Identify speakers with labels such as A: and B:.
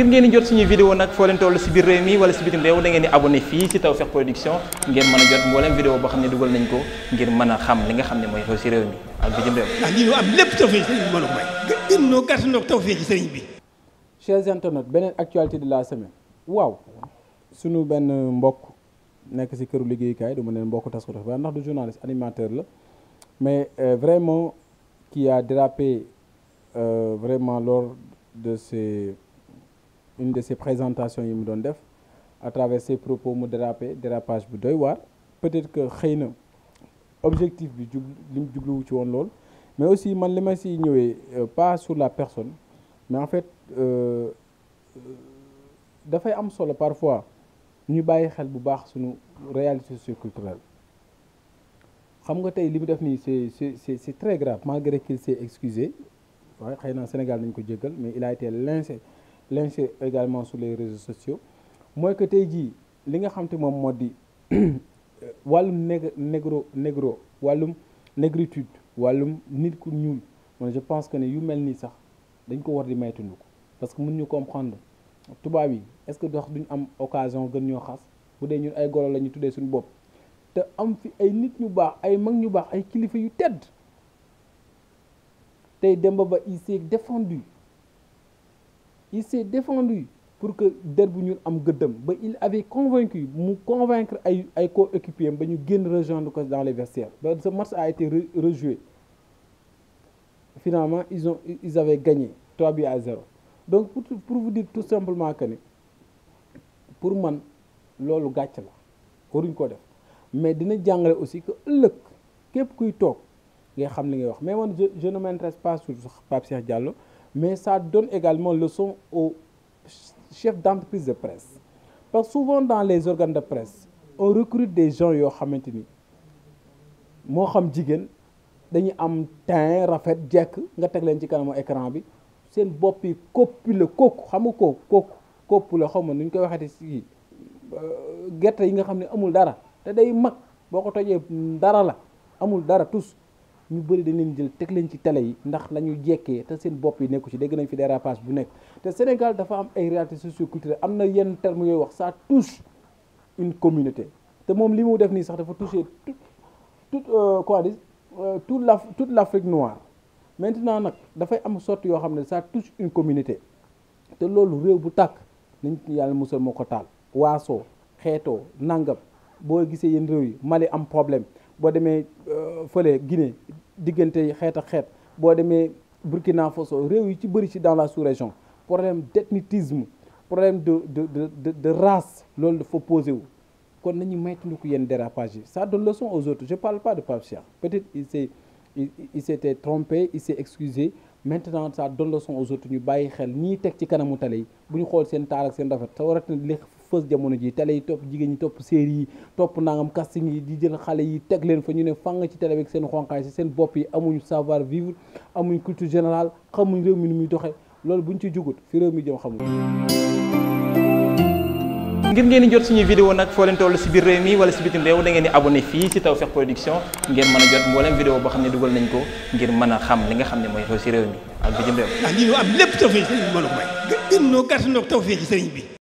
A: ngir ngeen di jot suñuy vidéo nag foo leen toll si biir réew mi wala si bitim réew da ngeen di abonné fii si Tawfekh Production ngeen mën a jot mboolem vidéo boo xam ne dugal nañ ko ngir mën a xam li nga xam ne mooy xew si réew mi ak bitim réew. ndax ah, lii ñu bi mën a
B: may. gën noo beneen actualité de la semaine waaw suñu benn mbokk nekk si këru liggéeykaay du ma neen mbokk tas ko dafa ndax du journaliste animateur la mais euh, vraiment qui a dérapé euh, vraiment lors de une de ses présentation yi mu doon def à travers ses propos mu dérapé dérapage bu doy waar peut-être que xëy na objectif bi jug li mu ci woon lool mais aussi man li ma si ñëwee euh, pas sur la personne mais en fait euh, euh, dafay am solo parfois ñu bàyyi xel bu baax sunu suñu réalité socioculturelle xam nga tey li mu def nii c'est c'est c'est très grave malgré qu'il s'est excusé waaye xëy na Sénégal nañ ko jéggal mais il a lynché également sur les réseaux sociaux mooy que tey jii li nga xam te moom moo di wàllum nég négro négro wàllum négritude wàllum nit ku ñuul man je pense que ne yu mel nii sax dañ ko war di maytundu ko parce que mun ñu comprendre tubaab yi est-ce que dox duñ am occasion gën ñoo xas bu dee ñun ay golo la ñu tuddee suñu bopp te am fi ay nit ñu baax ay mag ñu baax ay kilifa yu tedd tey Demba Ba il s'est défendu il s'est défendu pour que der bu ñuul am gëddam ba il avait convaincu mu convaincre ay ay coéquipiers am ba ñu génn rejoindre ko dans les vestiaires ba ce match a été rejoué finalement ils ont ils avaient gagné 3 buts à 0 donc pour pour vous tout simplement que ni pour man loolu gàcc la waruñ ko def mais dina jàngale aussi que ëllëg képp kuy toog ngay xam li ngay wax mais man je je ne m'intéresse pas mais ça donne également leçon aux chefs d'entreprise de presse parce que souvent dans les organes de presse on recrute des gens yoo xamante ni moo xam jigéen dañu am teint rafet jekk nga teg leen ci kanamu écran bi seen bopp yi koppi la kooku xam nga kooku kooku kopp la xaw ma nu ñu koy waxeeti si euh, gerte yi nga xam ne amul dara te day mag boo ko tojee dara la amul dara tous ñu bëri dañ leen jël teg leen ci télé yi ndax la ñu jekkee te seen bopp yi nekku ci dégg nañ fi dérapage bu nekk te Sénégal dafa am ay réalité socioculturelle am na yenn terme yooyu wax ça touche une communauté te moom li mu def nii sax dafa toucher tout tout euh, quoi dire euh, toute la toute l'Afrique noire maintenant nag dafay am sorte yoo xam ne ça touche une communauté te loolu réew bu tàkk nañ yàlla musal moo ko taal waasoo xeetoo nangam boo gisee yéen réew yi Mali am problème boo demee euh, fële Guinée diggante xeet ak xeet boo demee Burkina Faso réew yi ci bëri ci dans la sous-région problème d'ethnicisme problème de de de de race loolu dafa posé wu kon nañu moytandiku yenn dérapage yi ça donne leçon aux autres je parle pas de Pape Cheikh peut-être il s'est il s'était trompé il s'est excusé maintenant ça donne leçon aux autres ñu bàyyi xel ñiy teg ci kanamu tale yi bu ñu xool seen taar ak seen rafet te warat na li fës jamono ji télé yi topp jigéen ñi topp série yi topp nangam casting yi di jël xale yi teg leen fa ñu ne fang ci télé bi ak seen xonqaay seen bopp yi amuñu savoir vivre amuñ culture générale xamuñ réew mi ni muy doxee loolu buñ ci jugut fi réew mi jëm xamuñ
A: ngir ngeen di jot suñu vidéo nag foo leen toll si biir réew mi wala si bitim réew da ngeen di abonné fii si Tawfekh Production ngeen mën a jot mboolem vidéo boo xam ne dugal nañ ko ngir mën a xam li nga xam ne mooy xew si réew mi ak bitim réew. Ah, ndax